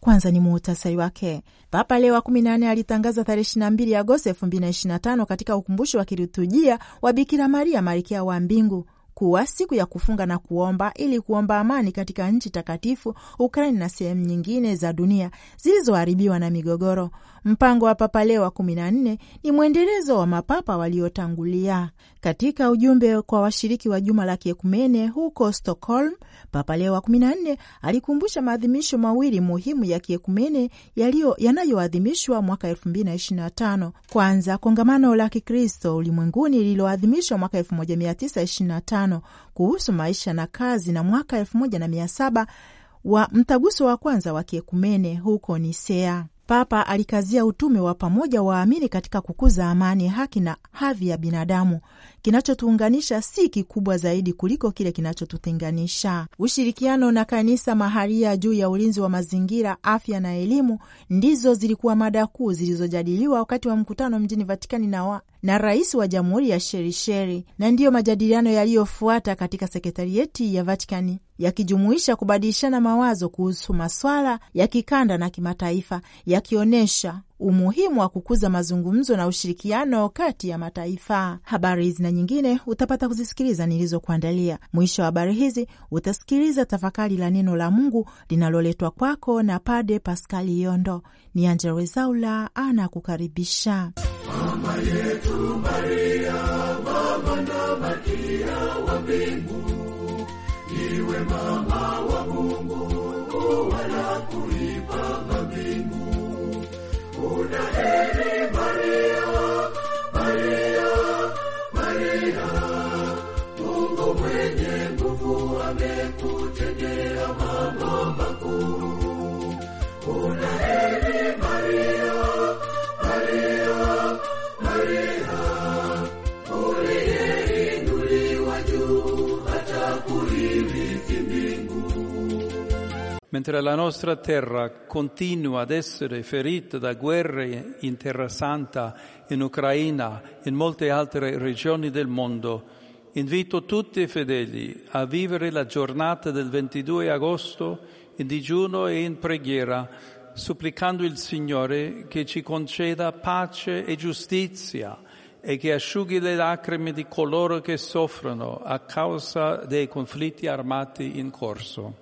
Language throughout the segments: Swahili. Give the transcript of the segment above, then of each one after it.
kwanza ni muhutasari wake. Papa Leo wa 14 alitangaza tarehe 22 Agosti 2025 katika ukumbusho wa kiliturujia wa Bikira Maria malkia wa mbingu kuwa siku ya kufunga na kuomba ili kuomba amani katika nchi takatifu Ukraini na sehemu nyingine za dunia zilizoharibiwa na migogoro. Mpango wa Papa Leo wa kumi na nne ni mwendelezo wa mapapa waliotangulia. Katika ujumbe kwa washiriki wa juma la kiekumene huko Stockholm, Papa Leo wa kumi na nne alikumbusha maadhimisho mawili muhimu ya kiekumene yanayoadhimishwa mwaka elfu mbili na na tano. Kwanza, kongamano la Kikristo ulimwenguni lililoadhimishwa mwaka elfu moja mia tisa na tano kuhusu maisha na kazi, na mwaka elfu moja na mia saba wa mtaguso wa kwanza wa kiekumene huko Nisea. Papa alikazia utume wa pamoja waamini katika kukuza amani, haki na hadhi ya binadamu Kinachotuunganisha si kikubwa zaidi kuliko kile kinachotutenganisha. Ushirikiano na kanisa maharia juu ya ulinzi wa mazingira, afya na elimu ndizo zilikuwa mada kuu zilizojadiliwa wakati wa mkutano mjini Vatikani na wa na rais wa jamhuri ya sherisheri na ndiyo majadiliano yaliyofuata katika sekretarieti ya Vatikani, yakijumuisha kubadilishana mawazo kuhusu maswala ya kikanda na kimataifa, yakionyesha umuhimu wa kukuza mazungumzo na ushirikiano kati ya mataifa. Habari hizi na nyingine utapata kuzisikiliza nilizokuandalia. Mwisho wa habari hizi utasikiliza tafakari la neno la Mungu linaloletwa kwako na Pade Paskali Yondo. Ni Angella Rwezaula anakukaribisha. Mama yetu Maria, mama na malkia wa mbingu wamekutegea mambo makuu. Una heri Maria, Maria, Maria, uliyeinuliwa juu hata kuirithi mbingu. Mentre la nostra terra continua ad essere ferita da guerre in Terra Santa, in Ucraina, in molte altre regioni del mondo, Invito tutti i fedeli a vivere la giornata del 22 agosto in digiuno e in preghiera, supplicando il Signore che ci conceda pace e giustizia e che asciughi le lacrime di coloro che soffrono a causa dei conflitti armati in corso.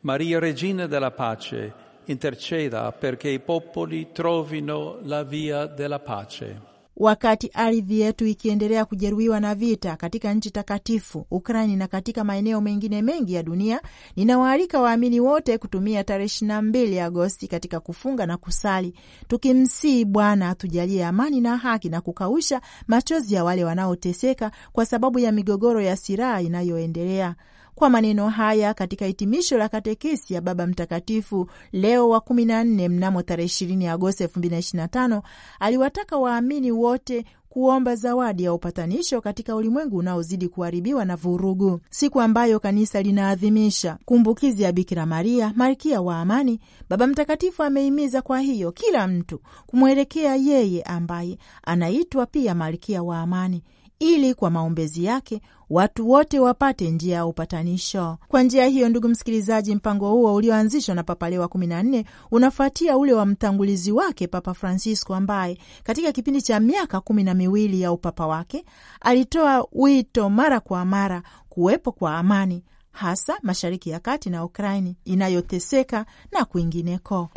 Maria Regina della Pace, interceda perché i popoli trovino la via della pace. Wakati ardhi yetu ikiendelea kujeruhiwa na vita katika nchi takatifu Ukraini na katika maeneo mengine mengi ya dunia, ninawaalika waamini wote kutumia tarehe mbili Agosti katika kufunga na kusali, tukimsii Bwana atujalie amani na haki na kukausha machozi ya wale wanaoteseka kwa sababu ya migogoro ya silaha inayoendelea. Kwa maneno haya katika hitimisho la katekesi ya Baba Mtakatifu Leo wa 14 mnamo tarehe 20 Agosti 2025 aliwataka waamini wote kuomba zawadi ya upatanisho katika ulimwengu unaozidi kuharibiwa na vurugu, siku ambayo kanisa linaadhimisha kumbukizi ya Bikira Maria, malkia wa amani. Baba Mtakatifu amehimiza kwa hiyo kila mtu kumwelekea yeye ambaye anaitwa pia malkia wa amani, ili kwa maombezi yake watu wote wapate njia ya upatanisho. Kwa njia hiyo, ndugu msikilizaji, mpango huo ulioanzishwa na Papa Leo wa kumi na nne unafuatia ule wa mtangulizi wake Papa Francisco, ambaye katika kipindi cha miaka kumi na miwili ya upapa wake alitoa wito mara kwa mara kuwepo kwa amani, hasa Mashariki ya Kati na Ukraini inayoteseka na kwingineko.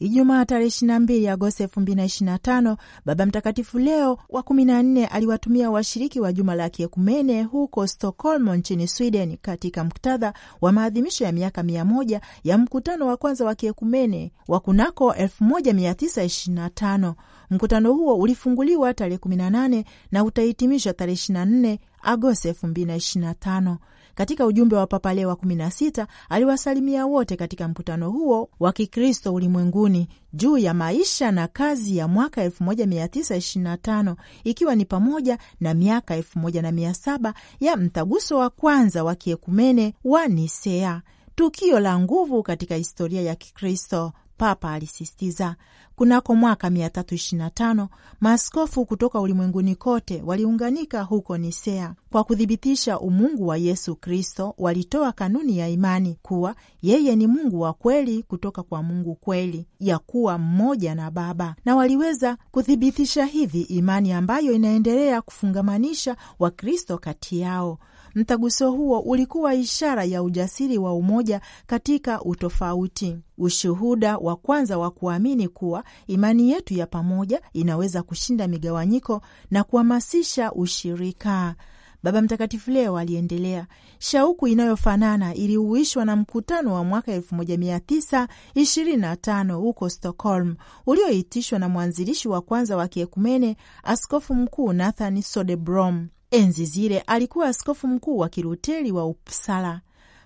Ijumaa tarehe 22 Agosti 2025 Baba Mtakatifu Leo wa 14 aliwatumia washiriki wa juma la kiekumene huko Stockholm nchini Sweden katika muktadha wa maadhimisho ya miaka mia moja ya mkutano wa kwanza wa kiekumene wa kunako 1925. Mkutano huo ulifunguliwa tarehe 18 na utahitimishwa tarehe 24 Agosti 2025. Katika ujumbe wa Papa Leo wa 16 aliwasalimia wote katika mkutano huo wa Kikristo ulimwenguni juu ya maisha na kazi ya mwaka 1925 ikiwa ni pamoja na miaka 1700 ya mtaguso wa kwanza wa kiekumene wa Nisea, tukio la nguvu katika historia ya Kikristo Papa alisisitiza. Kunako mwaka 325 maaskofu kutoka ulimwenguni kote waliunganika huko Nisea. Kwa kuthibitisha umungu wa Yesu Kristo, walitoa kanuni ya imani kuwa yeye ni Mungu wa kweli kutoka kwa Mungu kweli, ya kuwa mmoja na Baba, na waliweza kuthibitisha hivi imani ambayo inaendelea kufungamanisha Wakristo kati yao. Mtaguso huo ulikuwa ishara ya ujasiri wa umoja katika utofauti, ushuhuda wa kwanza wa kuamini kuwa imani yetu ya pamoja inaweza kushinda migawanyiko na kuhamasisha ushirika. Baba Mtakatifu Leo aliendelea, shauku inayofanana iliuishwa na mkutano wa mwaka 1925 huko Stockholm ulioitishwa na mwanzilishi wa kwanza wa kiekumene, askofu mkuu Nathan Sodebrom. Enzi zile alikuwa askofu mkuu wa Kiluteri wa Upsala.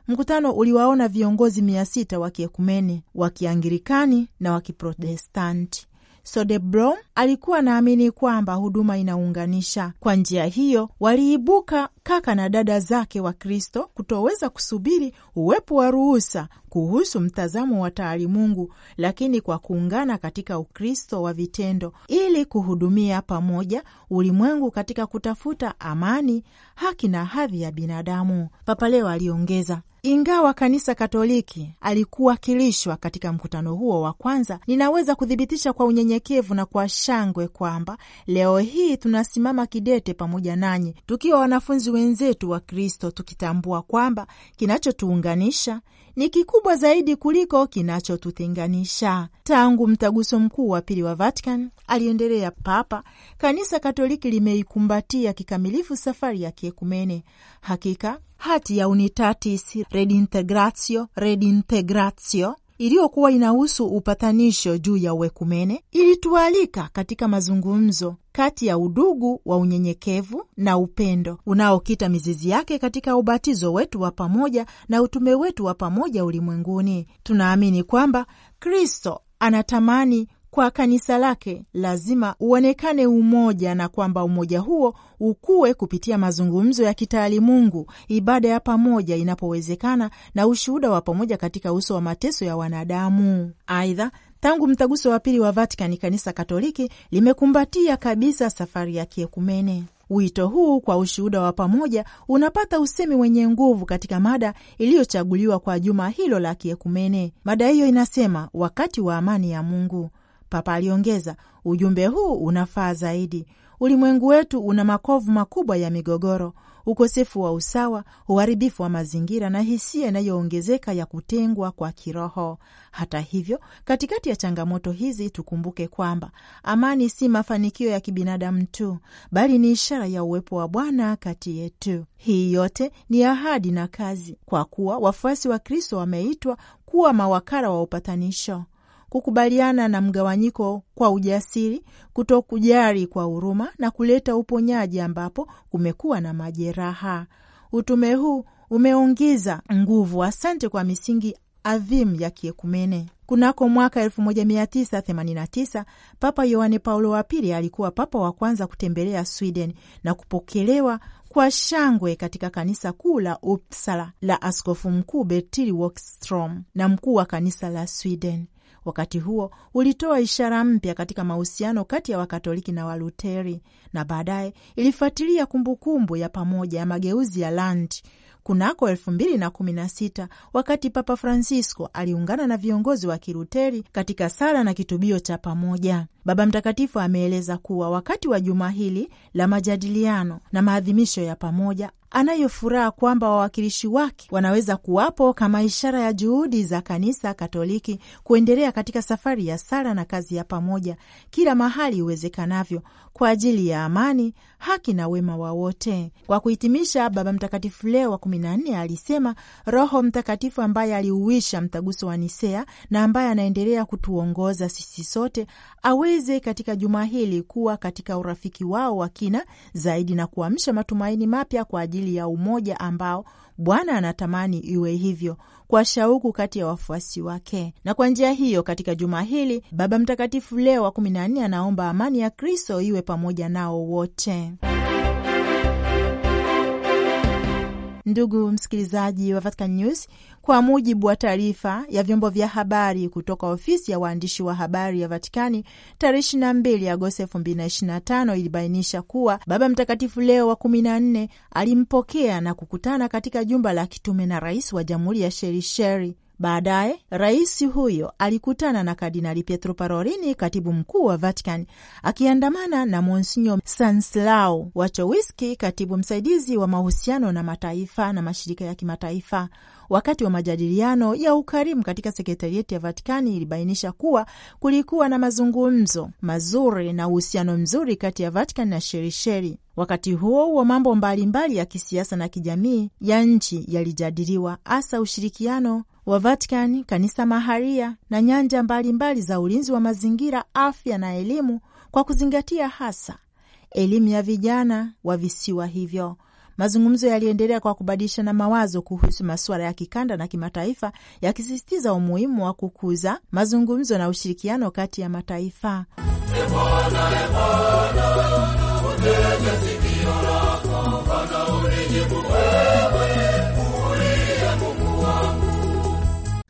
Mkutano uliwaona viongozi mia sita wa Kiekumene, wa Kiangirikani na wa Kiprotestanti. sodebrom alikuwa naamini kwamba huduma inaunganisha. Kwa njia hiyo, waliibuka kaka na dada zake wa Kristo kutoweza kusubiri uwepo wa ruhusa kuhusu mtazamo wa taalimungu, lakini kwa kuungana katika Ukristo wa vitendo ili kuhudumia pamoja ulimwengu katika kutafuta amani, haki na hadhi ya binadamu. Papa Leo aliongeza ingawa kanisa Katoliki alikuwakilishwa katika mkutano huo wa kwanza, ninaweza kuthibitisha kwa unyenyekevu na kwa shangwe kwamba leo hii tunasimama kidete pamoja nanyi tukiwa wanafunzi wenzetu wa Kristo, tukitambua kwamba kinachotuunganisha ni kikubwa zaidi kuliko kinachotutenganisha. Tangu mtaguso mkuu wa pili wa Vatican, aliendelea Papa, kanisa Katoliki limeikumbatia kikamilifu safari ya kiekumene. Hakika hati ya Unitatis Redintegratio Redintegratio iliyokuwa inahusu upatanisho juu ya uwekumene ilitualika katika mazungumzo kati ya udugu wa unyenyekevu na upendo unaokita mizizi yake katika ubatizo wetu wa pamoja na utume wetu wa pamoja ulimwenguni. Tunaamini kwamba Kristo anatamani kwa kanisa lake, lazima uonekane umoja na kwamba umoja huo ukue kupitia mazungumzo ya kitaalimungu, ibada ya pamoja inapowezekana, na ushuhuda wa pamoja katika uso wa mateso ya wanadamu. Aidha, tangu mtaguso wa pili wa Vatikani, kanisa Katoliki limekumbatia kabisa safari ya kiekumene. Wito huu kwa ushuhuda wa pamoja unapata usemi wenye nguvu katika mada iliyochaguliwa kwa juma hilo la kiekumene. Mada hiyo inasema wakati wa amani ya Mungu. Papa aliongeza, ujumbe huu unafaa zaidi. Ulimwengu wetu una makovu makubwa ya migogoro, ukosefu wa usawa, uharibifu wa mazingira na hisia inayoongezeka ya kutengwa kwa kiroho. Hata hivyo, katikati ya changamoto hizi, tukumbuke kwamba amani si mafanikio ya kibinadamu tu, bali ni ishara ya uwepo wa Bwana kati yetu. Hii yote ni ahadi na kazi, kwa kuwa wafuasi wa Kristo wameitwa kuwa mawakala wa upatanisho kukubaliana na mgawanyiko kwa ujasiri, kutokujali kwa huruma na kuleta uponyaji ambapo kumekuwa na majeraha. Utume huu umeongeza nguvu asante kwa misingi adhimu ya kiekumene. Kunako mwaka 1989 Papa Yohane Paulo wa Pili alikuwa papa wa kwanza kutembelea Sweden na kupokelewa kwa shangwe katika kanisa kuu la Uppsala la Askofu Mkuu Bertil Wokstrom na mkuu wa kanisa la Sweden wakati huo ulitoa ishara mpya katika mahusiano kati ya Wakatoliki na Waluteri, na baadaye ilifuatilia kumbukumbu ya pamoja ya mageuzi ya Lanti kunako elfu mbili na kumi na sita wakati Papa Francisco aliungana na viongozi wa kiruteri katika sala na kitubio cha pamoja. Baba Mtakatifu ameeleza kuwa wakati wa juma hili la majadiliano na maadhimisho ya pamoja anayofuraha kwamba wawakilishi wake wanaweza kuwapo kama ishara ya juhudi za Kanisa Katoliki kuendelea katika safari ya sala na kazi ya pamoja kila mahali iwezekanavyo kwa ajili ya amani, haki na wema wa wote. Kwa kuhitimisha, Baba Mtakatifu Leo wa kumi na nne alisema Roho Mtakatifu ambaye aliuisha mtaguso wa Nisea na ambaye anaendelea kutuongoza sisi sote aweze katika juma hili kuwa katika urafiki wao wa kina zaidi na kuamsha matumaini mapya kwa ajili ajili ya umoja ambao Bwana anatamani iwe hivyo kwa shauku kati ya wafuasi wake. Na kwa njia hiyo, katika juma hili Baba Mtakatifu Leo wa 14 anaomba amani ya Kristo iwe pamoja nao wote. Ndugu msikilizaji wa Vatican News, kwa mujibu wa taarifa ya vyombo vya habari kutoka ofisi ya waandishi wa habari ya Vatikani tarehe 22 Agosti 2025 ilibainisha kuwa Baba Mtakatifu Leo wa 14 alimpokea na kukutana katika jumba la kitume na rais wa jamhuri ya Shelisheli Baadaye rais huyo alikutana na Kardinali Pietro Parolini, katibu mkuu wa Vatican, akiandamana na Monsinyo sanslau Wachowiski, katibu msaidizi wa mahusiano na mataifa na mashirika ya kimataifa. Wakati wa majadiliano ya ukarimu katika sekretarieti ya Vatikani ilibainisha kuwa kulikuwa na mazungumzo mazuri na uhusiano mzuri kati ya Vatikani na sherisheri Wakati huo huo, mambo mbalimbali ya kisiasa na kijamii ya nchi yalijadiliwa, hasa ushirikiano wa Vatikani, kanisa maharia na nyanja mbalimbali mbali za ulinzi wa mazingira, afya na elimu, kwa kuzingatia hasa elimu ya vijana wa visiwa hivyo. Mazungumzo yaliendelea kwa kubadilishana mawazo kuhusu masuala ya kikanda na kimataifa, yakisisitiza umuhimu wa kukuza mazungumzo na ushirikiano kati ya mataifa. Ebona, ebona,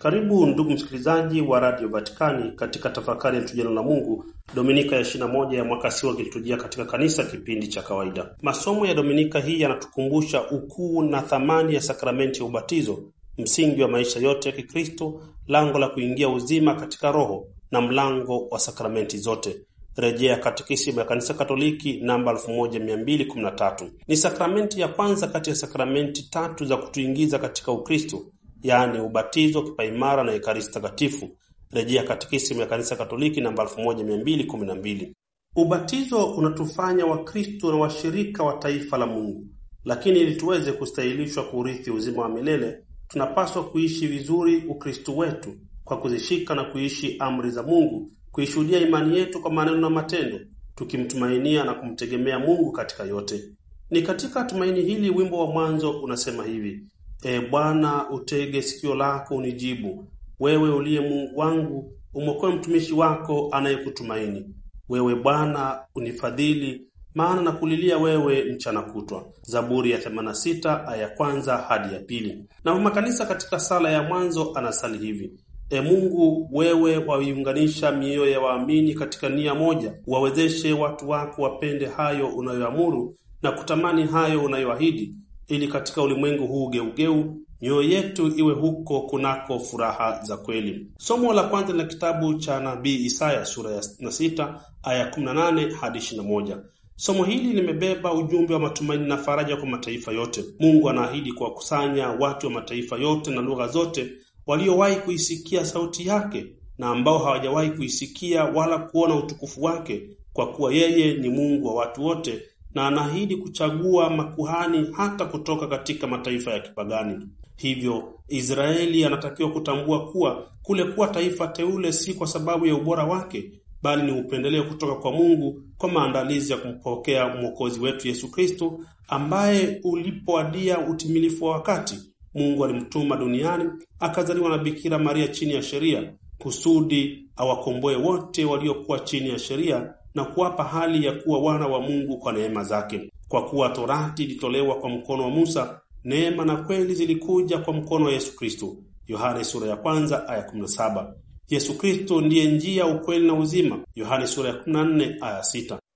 Karibu ndugu msikilizaji wa Radio Vatikani katika tafakari ya Tujano na Mungu, Dominika ya 21 ya mwaka C wa kiliturujia katika kanisa, kipindi cha kawaida. Masomo ya Dominika hii yanatukumbusha ukuu na thamani ya sakramenti ya ubatizo, msingi wa maisha yote ya Kikristo, lango la kuingia uzima katika Roho na mlango wa sakramenti zote. Rejea Katekisimu ya Kanisa Katoliki namba 1213. Ni sakramenti ya kwanza kati ya sakramenti tatu za kutuingiza katika Ukristo yaani ubatizo, kipaimara na Ekaristi Takatifu rejea Katekisimu ya Kanisa Katoliki namba 1212. Ubatizo unatufanya Wakristo na washirika wa taifa la Mungu, lakini ili tuweze kustahilishwa kuurithi uzima wa milele tunapaswa kuishi vizuri Ukristo wetu kwa kuzishika na kuishi amri za Mungu, kuishuhudia imani yetu kwa maneno na matendo, tukimtumainia na kumtegemea Mungu katika yote. Ni katika tumaini hili wimbo wa mwanzo unasema hivi: E Bwana, utege sikio lako unijibu. Wewe uliye Mungu wangu, umwokoe mtumishi wako anayekutumaini wewe. Bwana unifadhili, maana nakulilia wewe mchana kutwa. Zaburi ya 86 aya kwanza hadi ya pili. Na mama kanisa katika sala ya mwanzo anasali hivi: E Mungu, wewe waiunganisha mioyo ya waamini katika nia moja, uwawezeshe watu wako wapende hayo unayoamuru na kutamani hayo unayoahidi ili katika ulimwengu huu geugeu mioyo yetu iwe huko kunako furaha za kweli. Somo la kwanza na kitabu cha nabii Isaya sura ya 6 aya 18 hadi 21. Somo hili limebeba ujumbe wa matumaini na faraja kwa mataifa yote. Mungu anaahidi kuwakusanya watu wa mataifa yote na lugha zote waliowahi kuisikia sauti yake na ambao hawajawahi kuisikia wala kuona utukufu wake, kwa kuwa yeye ni Mungu wa watu wote na anaahidi kuchagua makuhani hata kutoka katika mataifa ya kipagani. Hivyo Israeli anatakiwa kutambua kuwa kule kuwa taifa teule si kwa sababu ya ubora wake, bali ni upendeleo kutoka kwa Mungu kwa maandalizi ya kumpokea mwokozi wetu Yesu Kristo, ambaye ulipoadia utimilifu wa wakati, Mungu alimtuma duniani akazaliwa na Bikira Maria chini ya sheria, kusudi awakomboe wote waliokuwa chini ya sheria na kuwapa hali ya kuwa wana wa Mungu kwa neema zake. Kwa kuwa torati ilitolewa kwa mkono wa Musa, neema na kweli zilikuja kwa mkono wa Yesu Kristo. Yohane sura ya kwanza aya Yesu Kristo ndiye njia, ukweli na uzima. Yohane sura ya aya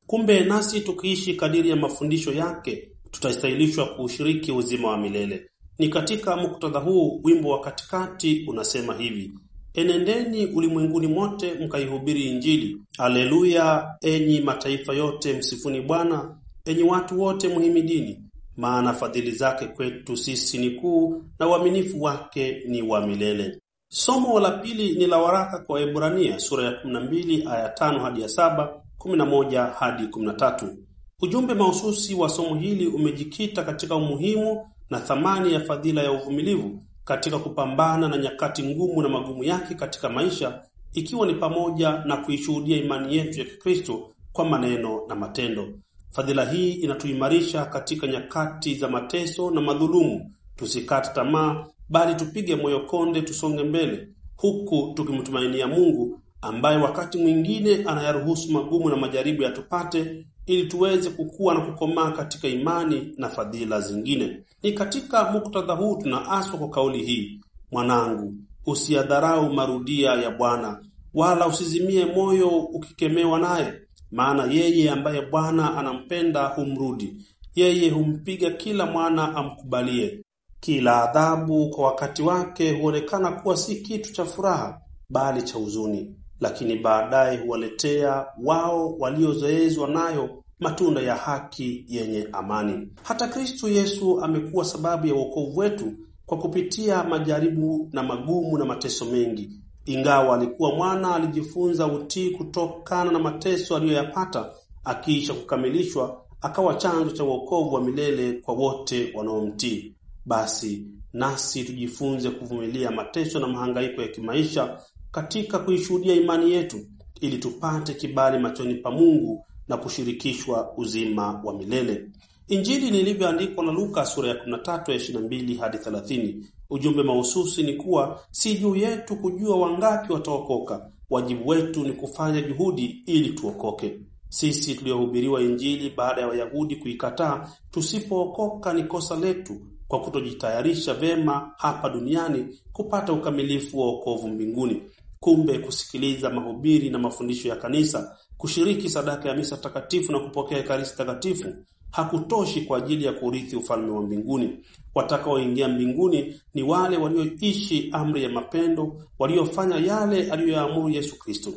Kumbe nasi tukiishi kadiri ya mafundisho yake tutastahilishwa kuushiriki uzima wa milele. Ni katika muktadha huu wimbo wa katikati unasema hivi: enendeni ulimwenguni mote mkaihubiri Injili. Aleluya! Enyi mataifa yote, msifuni Bwana; enyi watu wote, dini maana fadhili zake kwetu sisi ni kuu, na uaminifu wake ni wa milele. Somo la pili ni la waraka kwa Waebrania sura ya 12 aya 5 hadi ya 7, 11 hadi 13. Ujumbe mahususi wa somo hili umejikita katika umuhimu na thamani ya fadhila ya uvumilivu katika kupambana na nyakati ngumu na magumu yake katika maisha, ikiwa ni pamoja na kuishuhudia imani yetu ya Kikristo kwa maneno na matendo. Fadhila hii inatuimarisha katika nyakati za mateso na madhulumu. Tusikate tamaa, bali tupige moyo konde, tusonge mbele, huku tukimtumainia Mungu ambaye wakati mwingine anayaruhusu magumu na majaribu yatupate ili tuweze kukua na kukomaa katika imani na fadhila zingine. Ni katika muktadha huu tunaaswa kwa kauli hii, mwanangu, usiyadharau marudia ya Bwana, wala usizimie moyo ukikemewa naye, maana yeye ambaye Bwana anampenda humrudi yeye, humpiga kila mwana amkubalie. Kila adhabu kwa wakati wake huonekana kuwa si kitu cha furaha, bali cha huzuni lakini baadaye huwaletea wao waliozoezwa nayo matunda ya haki yenye amani. Hata Kristu Yesu amekuwa sababu ya wokovu wetu kwa kupitia majaribu na magumu na mateso mengi. Ingawa alikuwa mwana, alijifunza utii kutokana na mateso aliyoyapata, akiisha kukamilishwa akawa chanzo cha wokovu wa milele kwa wote wanaomtii. Basi nasi tujifunze kuvumilia mateso na mahangaiko ya kimaisha katika kuishuhudia imani yetu ili tupate kibali machoni pa Mungu na kushirikishwa uzima wa milele. Injili nilivyoandikwa na Luka sura ya 13:22 hadi 30. Ujumbe mahususi ni kuwa si juu yetu kujua wangapi wataokoka. Wajibu wetu ni kufanya juhudi ili tuokoke. Sisi tuliohubiriwa Injili baada ya Wayahudi kuikataa, tusipookoka ni kosa letu kwa kutojitayarisha vema hapa duniani kupata ukamilifu wa wokovu mbinguni. Kumbe kusikiliza mahubiri na mafundisho ya kanisa, kushiriki sadaka ya misa takatifu na kupokea ekaristi takatifu hakutoshi kwa ajili ya kurithi ufalme wa mbinguni. Watakaoingia mbinguni ni wale walioishi amri ya mapendo, waliofanya yale aliyoyaamuru Yesu Kristo.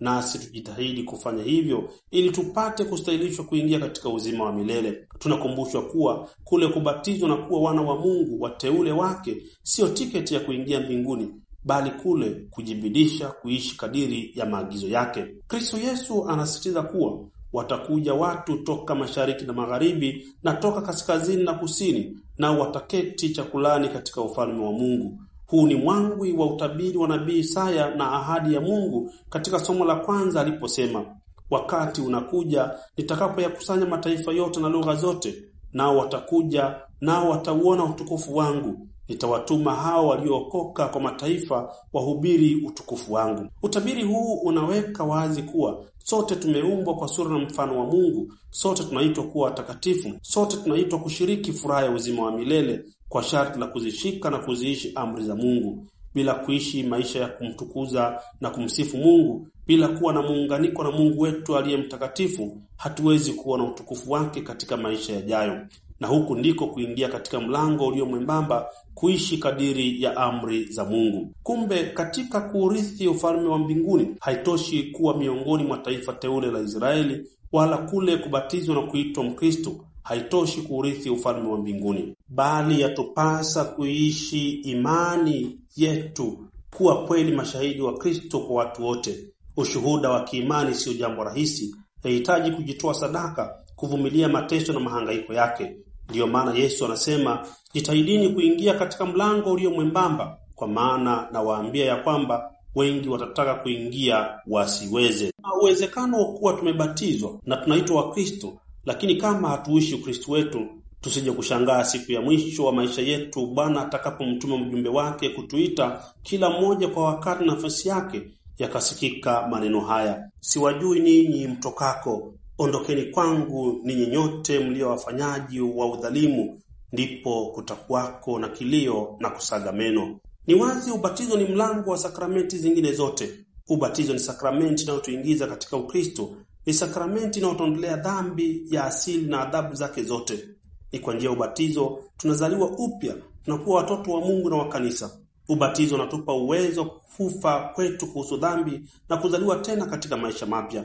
Nasi tujitahidi kufanya hivyo ili tupate kustahilishwa kuingia katika uzima wa milele. Tunakumbushwa kuwa kule kubatizwa na kuwa wana wa Mungu, wateule wake, siyo tiketi ya kuingia mbinguni, bali kule kujibidisha kuishi kadiri ya maagizo yake. Kristo Yesu anasisitiza kuwa watakuja watu toka mashariki na magharibi na toka kaskazini na kusini, nao wataketi chakulani katika ufalme wa Mungu. Huu ni mwangwi wa utabiri wa nabii Isaya na ahadi ya Mungu katika somo la kwanza aliposema, wakati unakuja nitakapoyakusanya mataifa yote na lugha zote, nao watakuja nao watauona utukufu wangu, Nitawatuma hao waliookoka kwa mataifa wahubiri utukufu wangu. Utabiri huu unaweka wazi kuwa sote tumeumbwa kwa sura na mfano wa Mungu, sote tunaitwa kuwa watakatifu, sote tunaitwa kushiriki furaha ya uzima wa milele kwa sharti la kuzishika na kuziishi amri za Mungu. Bila kuishi maisha ya kumtukuza na kumsifu Mungu, bila kuwa na muunganiko na Mungu wetu aliye mtakatifu, hatuwezi kuwa na utukufu wake katika maisha yajayo na huku ndiko kuingia katika mlango ulio mwembamba kuishi kadiri ya amri za Mungu. Kumbe katika kuurithi ufalme wa mbinguni haitoshi kuwa miongoni mwa taifa teule la Israeli wala kule kubatizwa na kuitwa Mkristo haitoshi kuurithi ufalme wa mbinguni, bali yatupasa kuishi imani yetu kuwa kweli mashahidi wa Kristo kwa watu wote. Ushuhuda wa kiimani siyo jambo rahisi, yahitaji kujitoa sadaka, kuvumilia mateso na mahangaiko yake. Ndiyo maana Yesu anasema jitahidini kuingia katika mlango ulio mwembamba, kwa maana nawaambia ya kwamba wengi watataka kuingia wasiweze. Na uwezekano wa kuwa tumebatizwa na tunaitwa Wakristo, lakini kama hatuishi Ukristo wetu, tusije kushangaa siku ya mwisho wa maisha yetu Bwana atakapomtuma mjumbe wake kutuita kila mmoja kwa wakati nafasi yake, yakasikika maneno haya: siwajui ninyi mtokako, Ondokeni kwangu ninyi nyote mlio wafanyaji wa udhalimu, ndipo kutakuwako na kilio na kusaga meno. Ni wazi ubatizo ni mlango wa sakramenti zingine zote. Ubatizo ni sakramenti inayotuingiza katika Ukristo, ni sakramenti inayotondolea dhambi ya asili na adhabu zake zote. Ni kwa njia ya ubatizo tunazaliwa upya, tunakuwa watoto wa Mungu na wa kanisa. Ubatizo unatupa uwezo kufufa kwetu kuhusu dhambi na kuzaliwa tena katika maisha mapya.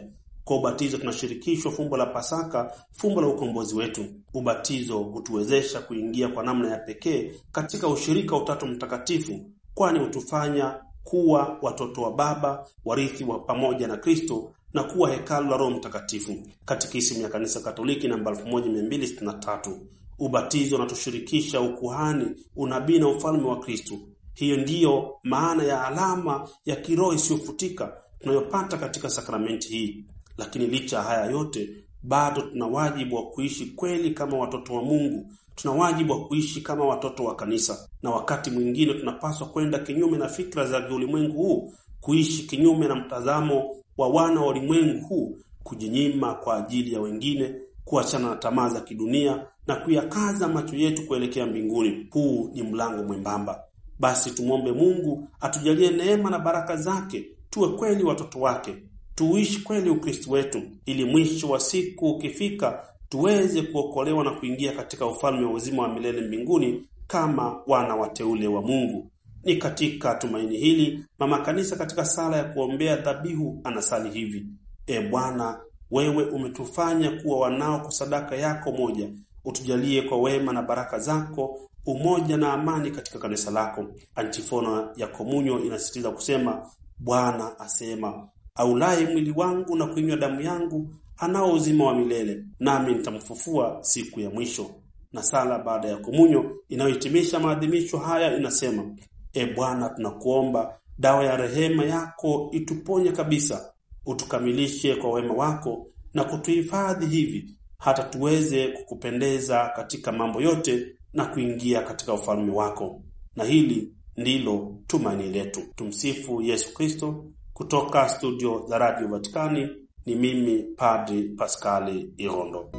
Kwa ubatizo tunashirikishwa fumbo la Pasaka, fumbo la ukombozi wetu. Ubatizo hutuwezesha kuingia kwa namna ya pekee katika ushirika wa Utatu Mtakatifu, kwani hutufanya kuwa watoto wa Baba, warithi wa pamoja na Kristo na kuwa hekalu la Roho Mtakatifu. Katikisimu ya Kanisa Katoliki namba 1263. Ubatizo unatushirikisha ukuhani, unabii na ufalme wa Kristo. Hiyo ndiyo maana ya alama ya kiroho isiyofutika tunayopata katika sakramenti hii. Lakini licha ya haya yote, bado tuna wajibu wa kuishi kweli kama watoto wa Mungu. Tuna wajibu wa kuishi kama watoto wa kanisa, na wakati mwingine tunapaswa kwenda kinyume na fikra za ulimwengu huu, kuishi kinyume na mtazamo wa wana wa ulimwengu huu, kujinyima kwa ajili ya wengine, kuachana na tamaa za kidunia na kuyakaza macho yetu kuelekea mbinguni. Huu ni mlango mwembamba. Basi tumwombe Mungu atujalie neema na baraka zake, tuwe kweli watoto wake, tuishi kweli Ukristo wetu ili mwisho wa siku ukifika tuweze kuokolewa na kuingia katika ufalme wa uzima wa milele mbinguni kama wana wateule wa Mungu. Ni katika tumaini hili mama kanisa katika sala ya kuombea dhabihu anasali hivi: E Bwana, wewe umetufanya kuwa wanao kwa sadaka yako moja, utujalie kwa wema na baraka zako umoja na amani katika kanisa lako. Antifona ya komunyo inasisitiza kusema Bwana asema aulaye mwili wangu na kuinywa damu yangu anao uzima wa milele, nami nitamfufua siku ya mwisho. Na sala baada ya komunyo inayohitimisha maadhimisho haya inasema: E Bwana, tunakuomba dawa ya rehema yako ituponye kabisa, utukamilishe kwa wema wako na kutuhifadhi hivi hata tuweze kukupendeza katika mambo yote na kuingia katika ufalme wako. Na hili ndilo tumaini letu. Tumsifu Yesu Kristo. Kutoka studio za Radio Vatikani ni mimi Padri Paskali Irondo.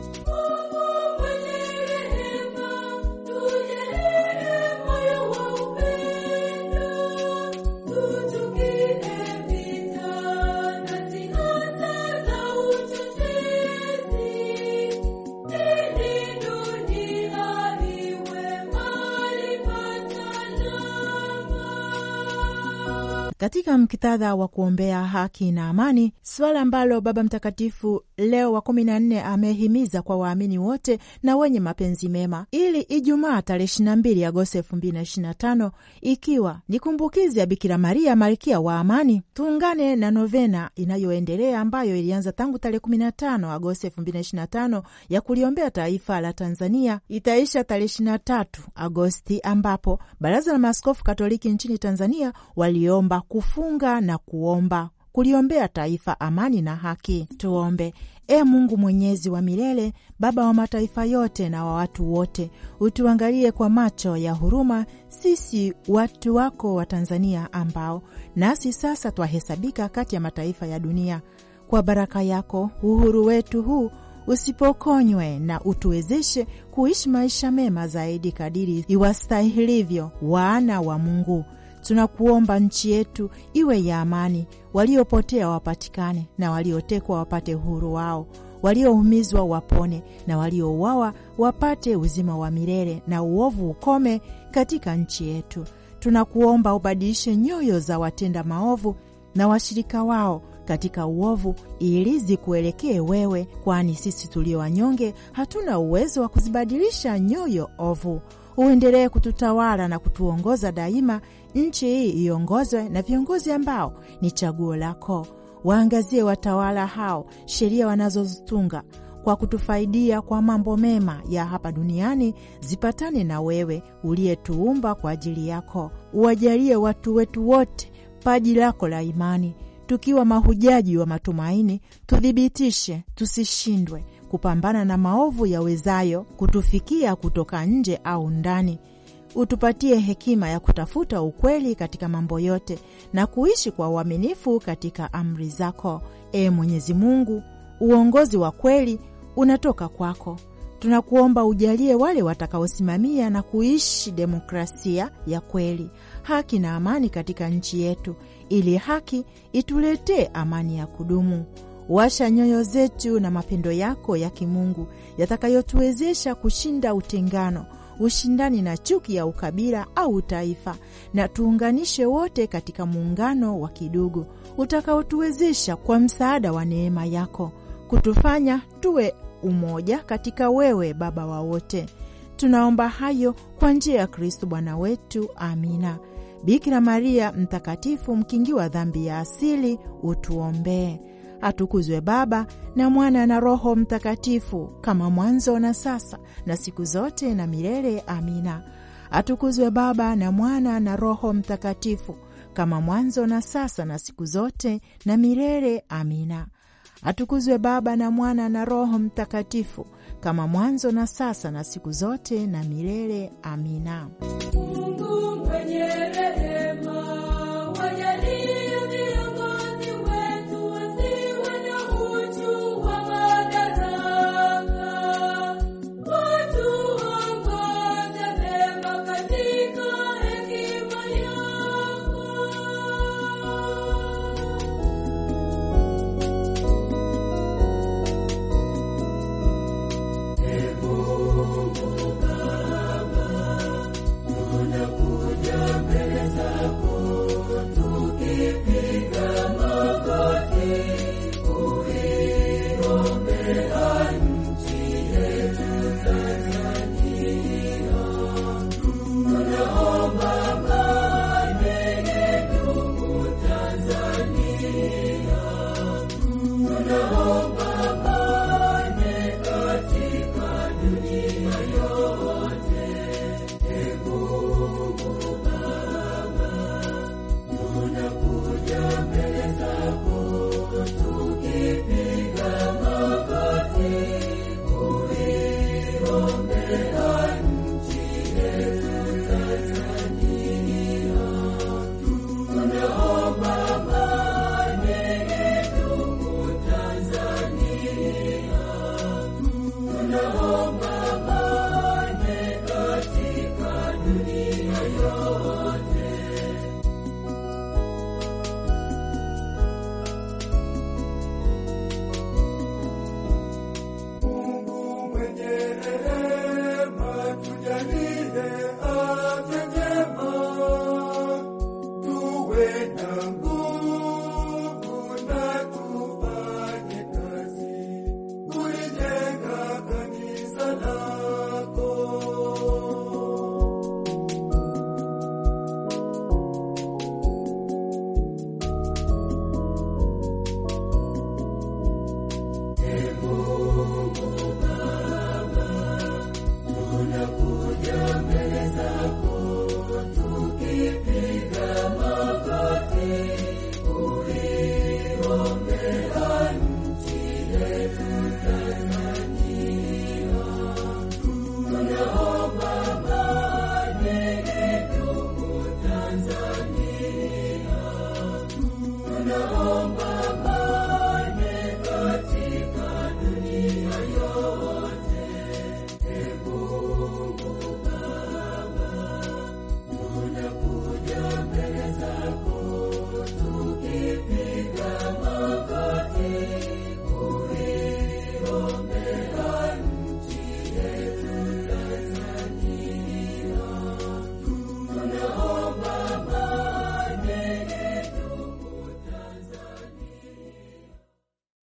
katika mkitadha wa kuombea haki na amani, suala ambalo Baba Mtakatifu Leo wa kumi na nne amehimiza kwa waamini wote na wenye mapenzi mema, ili Ijumaa tarehe ishirini na mbili Agosti elfu mbili na ishirini na tano ikiwa ni kumbukizi ya Bikira Maria malkia wa amani, tuungane na novena inayoendelea ambayo ilianza tangu tarehe kumi na tano Agosti elfu mbili na ishirini na tano ya kuliombea taifa la Tanzania, itaisha tarehe ishirini na tatu Agosti ambapo Baraza la Maaskofu Katoliki nchini Tanzania waliomba kufunga na kuomba kuliombea taifa amani na haki. Tuombe. E Mungu mwenyezi wa milele, Baba wa mataifa yote na wa watu wote, utuangalie kwa macho ya huruma sisi watu wako wa Tanzania, ambao nasi sasa twahesabika kati ya mataifa ya dunia. Kwa baraka yako uhuru wetu huu usipokonywe na utuwezeshe kuishi maisha mema zaidi kadiri iwastahilivyo wana wa Mungu. Tunakuomba nchi yetu iwe ya amani, waliopotea wapatikane na waliotekwa wapate uhuru wao, walioumizwa wapone na waliouawa wapate uzima wa milele, na uovu ukome katika nchi yetu. Tunakuomba ubadilishe nyoyo za watenda maovu na washirika wao katika uovu ili zikuelekee wewe, kwani sisi tulio wanyonge hatuna uwezo wa kuzibadilisha nyoyo ovu. Uendelee kututawala na kutuongoza daima Nchi hii iongozwe na viongozi ambao ni chaguo lako. Waangazie watawala hao sheria wanazozitunga kwa kutufaidia kwa mambo mema ya hapa duniani, zipatane na wewe uliyetuumba kwa ajili yako. Uwajalie watu wetu wote paji lako la imani, tukiwa mahujaji wa matumaini, tuthibitishe tusishindwe kupambana na maovu yawezayo kutufikia kutoka nje au ndani, utupatie hekima ya kutafuta ukweli katika mambo yote na kuishi kwa uaminifu katika amri zako. E Mwenyezi Mungu, uongozi wa kweli unatoka kwako. Tunakuomba ujalie wale watakaosimamia na kuishi demokrasia ya kweli, haki na amani katika nchi yetu, ili haki ituletee amani ya kudumu. Washa nyoyo zetu na mapendo yako ya kimungu yatakayotuwezesha kushinda utengano ushindani na chuki ya ukabila au utaifa, na tuunganishe wote katika muungano wa kidugu utakaotuwezesha kwa msaada wa neema yako kutufanya tuwe umoja katika wewe, Baba wa wote. Tunaomba hayo kwa njia ya Kristu Bwana wetu, amina. Bikira Maria mtakatifu, mkingi wa dhambi ya asili, utuombee. Atukuzwe Baba na Mwana na Roho Mtakatifu, kama mwanzo na sasa na siku zote na milele. Amina. Atukuzwe Baba na Mwana na Roho Mtakatifu, kama mwanzo na sasa na siku zote na milele. Amina. Atukuzwe Baba na Mwana na Roho Mtakatifu, kama mwanzo na sasa na siku zote na milele. Amina. Mungu mwenye